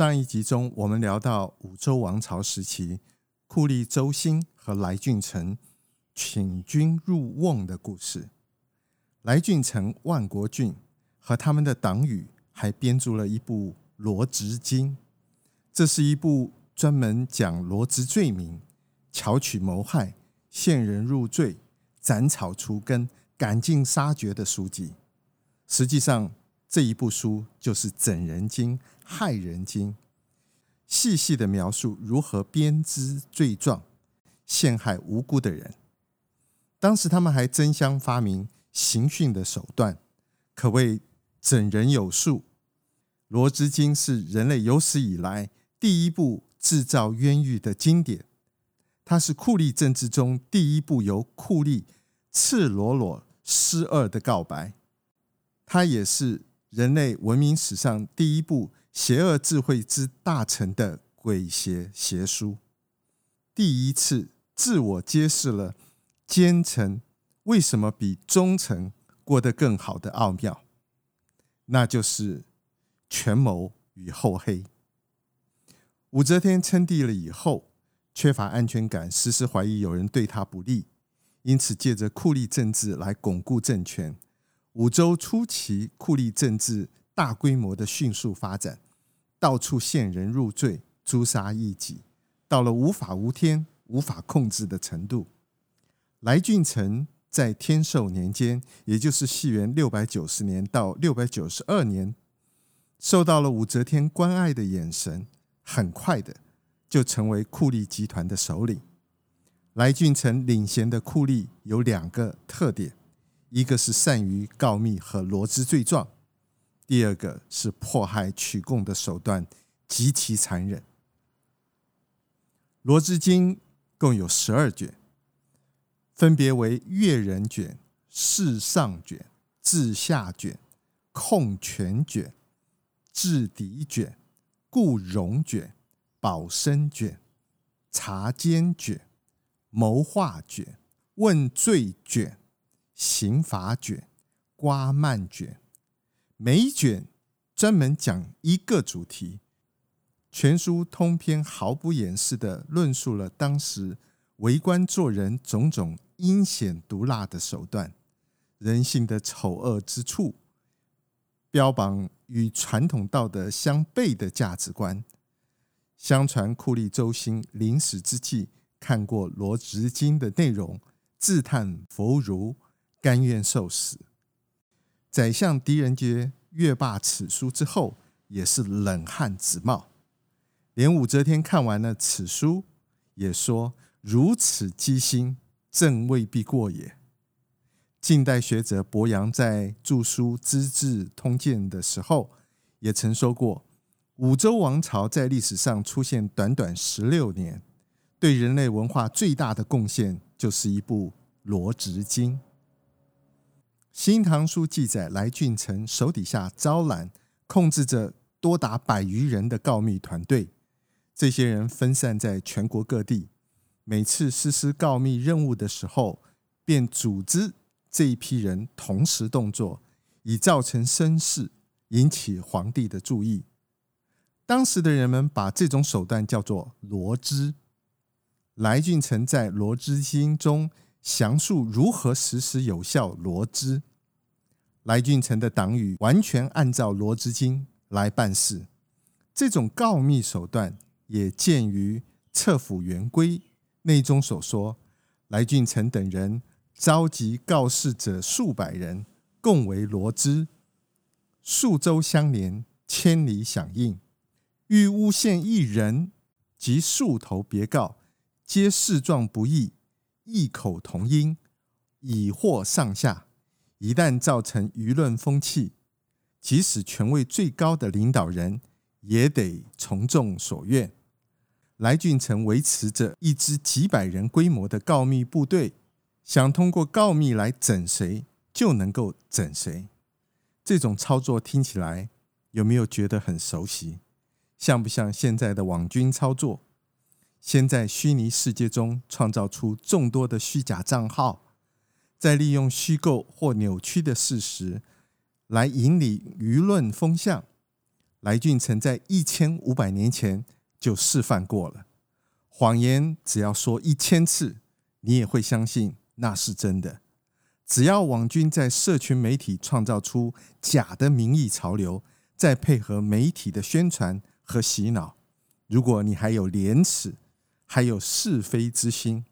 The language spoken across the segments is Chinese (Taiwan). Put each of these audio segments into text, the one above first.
上一集中，我們聊到武周王朝時期，酷吏周興和來俊臣請君入甕的故事。來俊臣、萬國俊和他們的黨羽還編著了一部《羅織經》，這是一部專門講羅織罪名、巧取謀害、陷人入罪、斬草除根、趕盡殺絕的書籍。實際上，這一部書就是《整人經》《害人經》，細細的描述，如何編織罪狀，陷害無辜的人。當時他們還爭相發明刑訊的手段，可謂整人有術。《羅織經》是人類有史以來第一部制造冤獄的經典，它是酷吏政治中第一部由酷吏赤裸裸施惡的告白，它也是人類文明史上第一部邪惡智慧之大成的鬼邪邪書，第一次自我揭示了奸臣為什麼比忠臣過得更好的奧妙，那就是權謀與厚黑。武則天稱帝了以後，缺乏安全感，時時懷疑有人對她不利，因此借着酷吏政治來鞏固政權。武周初期，酷吏政治大規模的迅速發展，到處陷人入罪，誅殺異己，到了無法無天、無法控制的程度。來俊臣在天授年間，也就是西元六百九十年到六百九十二年，受到了武則天關愛的眼神，很快的就成為酷吏集團的首領。來俊臣領銜的酷吏有兩個特點。一個是善於告密和羅織罪狀，第二個是迫害取供的手段極其殘忍。羅織經共有十二卷，分別為閱人卷、事上卷、治下卷、控權卷、制敵卷、固榮卷、保身卷、察奸卷、謀劃卷、問罪卷。刑法卷、瓜蔓卷，每一卷專門講一個主題。全書通篇毫不掩飾地論述了當時為官做人種種陰險毒辣的手段，人性的醜惡之處，標榜與傳統道德相悖的價值觀。相傳酷吏周興臨死之際，看過羅織經的內容，自嘆弗如。甘願受死。宰相狄仁傑閱罷此書之後，也是冷汗直冒。連武則天看完了此書，也說：“如此機心，朕未必過也。”近代學者柏楊在著書《資治通鑑》的時候，也曾說過：武周王朝在歷史上出現短短十六年，對人類文化最大的貢獻就是一部《羅織經》。《新唐書》記載，來俊臣手底下招攬、控制着多達百餘人的告密團隊，這些人分散在全國各地。每次實施告密任務的時候，便組織這一批人同時動作，以造成聲勢，引起皇帝的注意。當時的人們把這種手段叫做羅“羅織”。來俊臣在《羅織經》中，詳述如何實施有效羅織。來俊臣的黨羽完全按照羅織經來辦事，這種告密手段也見於《冊府元龜》，內中所說：來俊臣等人召集告示者數百人，共為羅織，數州相連，千里響應，欲誣陷一人，即數頭別告，皆事狀不異。異口同音，以惑上下。一旦造成輿論風氣，即使權位最高的領導人也得從眾所願。來俊臣維持着一支幾百人規模的告密部隊，想通過告密來整誰，就能夠整誰。這種操作聽起來有沒有覺得很熟悉？像不像現在的網軍操作？先在虛擬世界中創造出眾多的虛假賬號，再利用虛構或扭曲的事實來引領輿論風向。來俊臣在一千五百年前就示範過了：謊言只要說一千次，你也會相信那是真的。只要網軍在社群媒體創造出假的民意潮流，再配合媒體的宣傳和洗腦，如果你還有廉恥。還有是非之心，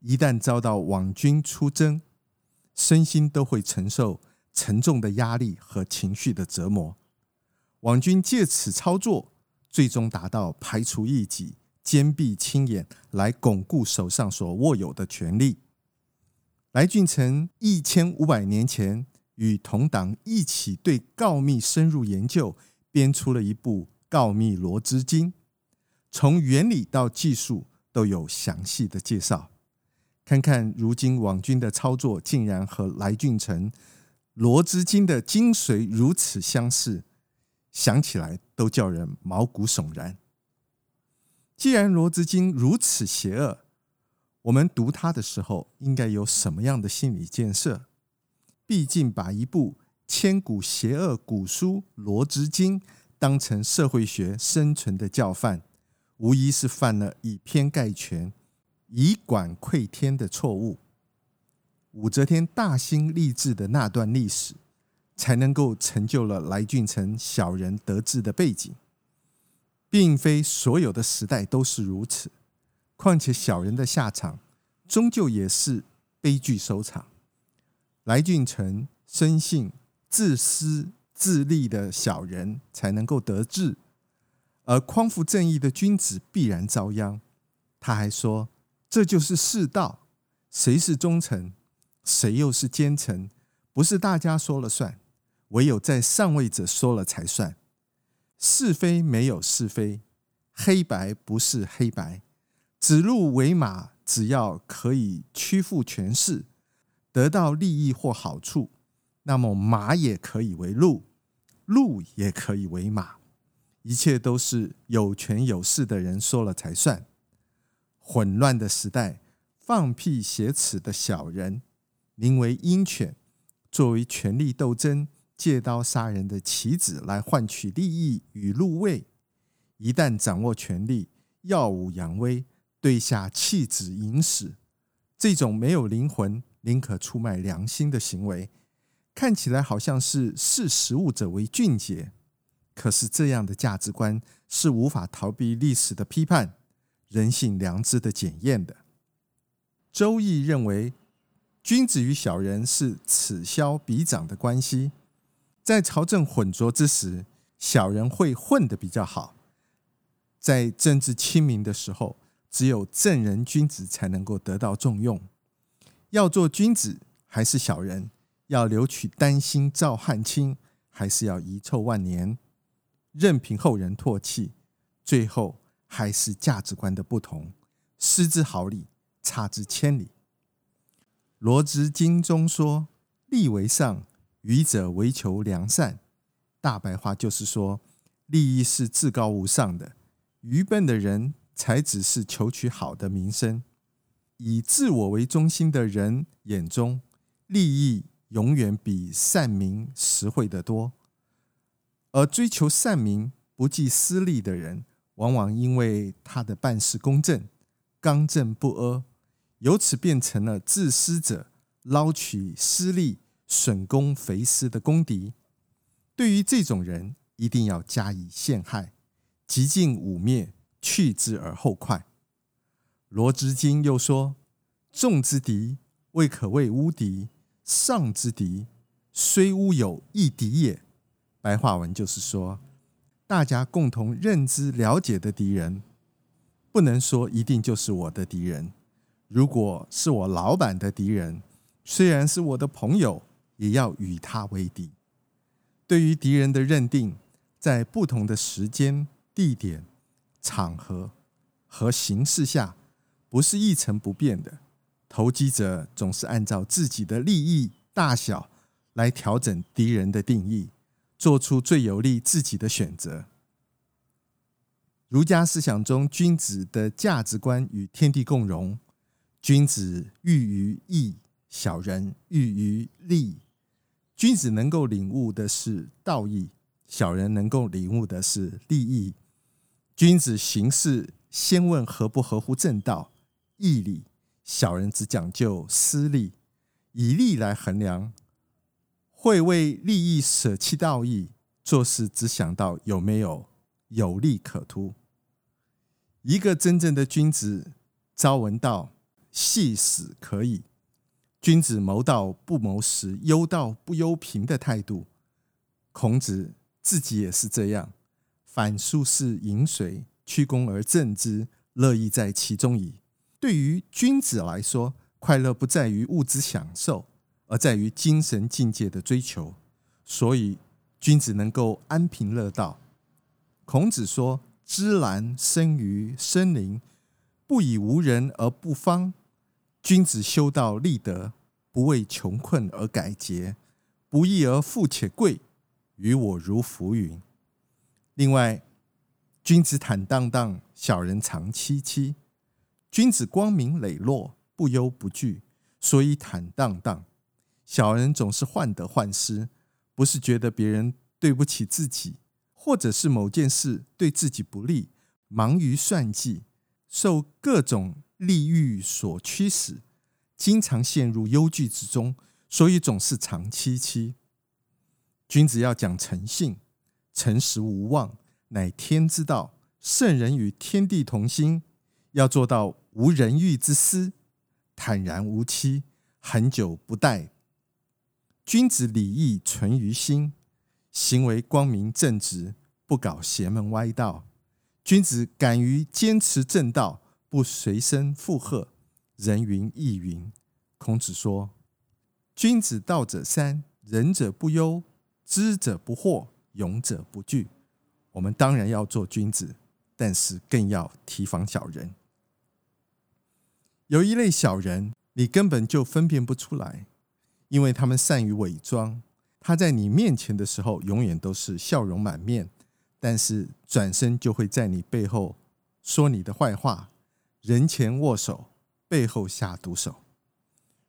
一旦遭到網軍出征，身心都會承受沉重的壓力和情緒的折磨。網軍借此操作，最終達到排除異己、堅壁清野，來鞏固手上所握有的權力。來俊臣一千五百年前與同黨一起對告密深入研究，編出了一部《告密羅織經》，從原理到技術。都有詳細的介紹，看看如今網軍的操作竟然和來俊臣、羅織經的精髓如此相似，想起來都叫人毛骨悚然。既然羅織經如此邪惡，我們讀它的時候應該有什麼樣的心理建設？畢竟把一部千古邪惡古書《羅織經》當成社會學生存的教範。無疑是犯了以偏概全、以管窺天的錯誤。武則天大興吏治的那段歷史，才能夠成就了來俊臣小人得志的背景，並非所有的時代都是如此。況且小人的下場，終究也是悲劇收場。來俊臣深信，自私自利的小人才能夠得志。而匡扶正義的君子必然遭殃。他還說：“這就是世道，誰是忠臣，誰又是奸臣，不是大家說了算，唯有在上位者說了才算。是非沒有是非，黑白不是黑白。指鹿為馬，只要可以屈服權勢，得到利益或好處，那麼馬也可以為鹿，鹿也可以為馬。”一切都是有權有勢的人說了才算。混亂的時代，放辟邪侈的小人，名為鷹犬，作為權力鬥爭、借刀殺人的棋子來換取利益與祿位。一旦掌握權力，耀武揚威，對下棄子飲使，這種沒有靈魂、寧可出賣良心的行為，看起來好像是識時務者為俊傑。可是這樣的價值觀是無法逃避歷史的批判、人性良知的檢驗的。周易認為，君子與小人是此消彼長的關係。在朝政混濁之時，小人會混得比較好；在政治清明的時候，只有正人君子才能夠得到重用。要做君子還是小人？要留取丹心照汗青，還是要遺臭萬年？任憑後人唾棄，最後還是價值觀的不同，失之毫釐，差之千里。羅織經中說：“利為上，愚者為求良善。”大白話就是說，利益是至高無上的，愚笨的人才只是求取好的名聲。以自我為中心的人眼中，利益永遠比善名實惠得多。而追求善名、不計私利的人，往往因為他的辦事公正、剛正不阿，由此變成了自私者撈取私利、損公肥私的公敵。對於這種人，一定要加以陷害，極盡污衊，去之而後快。羅織經又說：“眾之敵未可謂無敵，上之敵雖烏有亦敵也。”白話文就是說，大家共同認知了解的敵人，不能說一定就是我的敵人。如果是我老板的敵人，雖然是我的朋友，也要與他為敵。對於敵人的認定，在不同的時間、地點、場合和形勢下，不是一成不變的。投機者總是按照自己的利益大小來調整敵人的定義。做出最有利自己的選擇。儒家思想中，君子的價值觀與天地共融。君子喻於義，小人喻於利。君子能夠領悟的是道義，小人能夠領悟的是利益。君子行事先問合不合乎正道、義理，小人只講究私利，以利來衡量。會為利益捨棄道義，做事只想到有沒有有利可圖。一個真正的君子，朝聞道，夕死可矣。君子謀道不謀食，憂道不憂貧的態度。孔子自己也是這樣。飯疏食飲水，曲肱而枕之，樂亦在其中矣。對於君子來說，快樂不在於物質享受。而在於精神境界的追求，所以君子能夠安貧樂道。孔子說：“芝蘭生於深林，不以無人而不芳。君子修道立德，不為窮困而改節，不義而富且貴，於我如浮雲。”另外，君子坦蕩蕩，小人常戚戚。君子光明磊落，不憂不懼，所以坦蕩蕩。小人總是患得患失，不是覺得別人對不起自己，或者是某件事對自己不利，忙於算計，受各種利欲所驅使，經常陷入憂懼之中，所以總是長戚戚。君子要講誠信，誠實無妄，乃天之道。聖人與天地同心，要做到無人欲之私，坦然無欺，恆久不怠。君子禮義存於心，行為光明正直，不搞邪門歪道。君子敢於堅持正道，不隨聲附和，人云亦云。孔子說：“君子道者三，仁者不憂，知者不惑，勇者不懼。”我們當然要做君子，但是更要提防小人。有一類小人，你根本就分辨不出來。因為他們善於偽裝，他在你面前的時候永遠都是笑容滿面，但是轉身就會在你背後說你的壞話，人前握手，背後下毒手。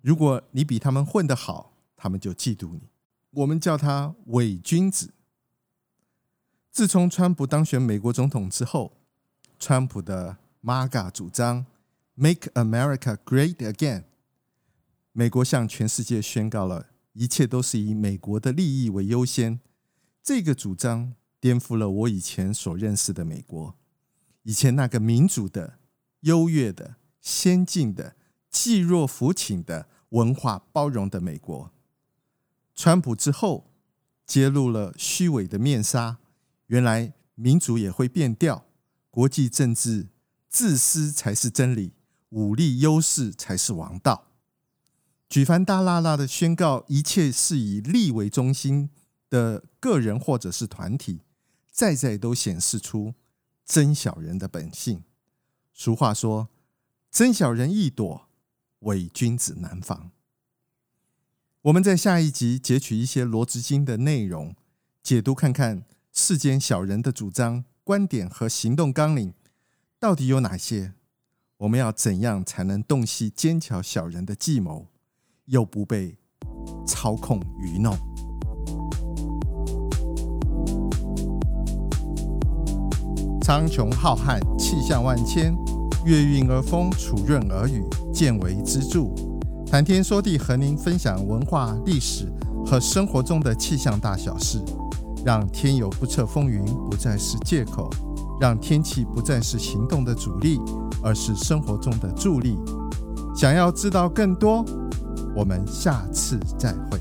如果你比他們混得好，他們就嫉妒你。我們叫他偽君子。自從川普當選美國總統之後，川普的 MAGA 主張 “Make America Great Again”。美國向全世界宣告了，一切都是以美國的利益為優先。這個主張顛覆了我以前所認識的美國，以前那個民主的、優越的、先進的、濟弱扶傾的文化包容的美國。川普之後，揭露了虛偽的面紗，原來民主也會變調。國際政治，自私才是真理，武力優勢才是王道。舉凡大喇喇的宣告一切是以利為中心的個人或者是團體，再再都顯示出真小人的本性。俗話說：“真小人易躲，偽君子難防。”我們在下一集截取一些《羅織經》的內容，解讀看看世間小人的主張、觀點和行動綱領到底有哪些？我們要怎樣才能洞悉奸巧小人的計謀？又不被操控愚弄。蒼穹浩瀚，氣象萬千，月暈而風，礎潤而雨，見微知著。談天說地，和您分享文化、歷史和生活中的氣象大小事，讓天有不測風雲不再是借口，讓天氣不再是行動的阻力，而是生活中的助力。想要知道更多？我們下次再會。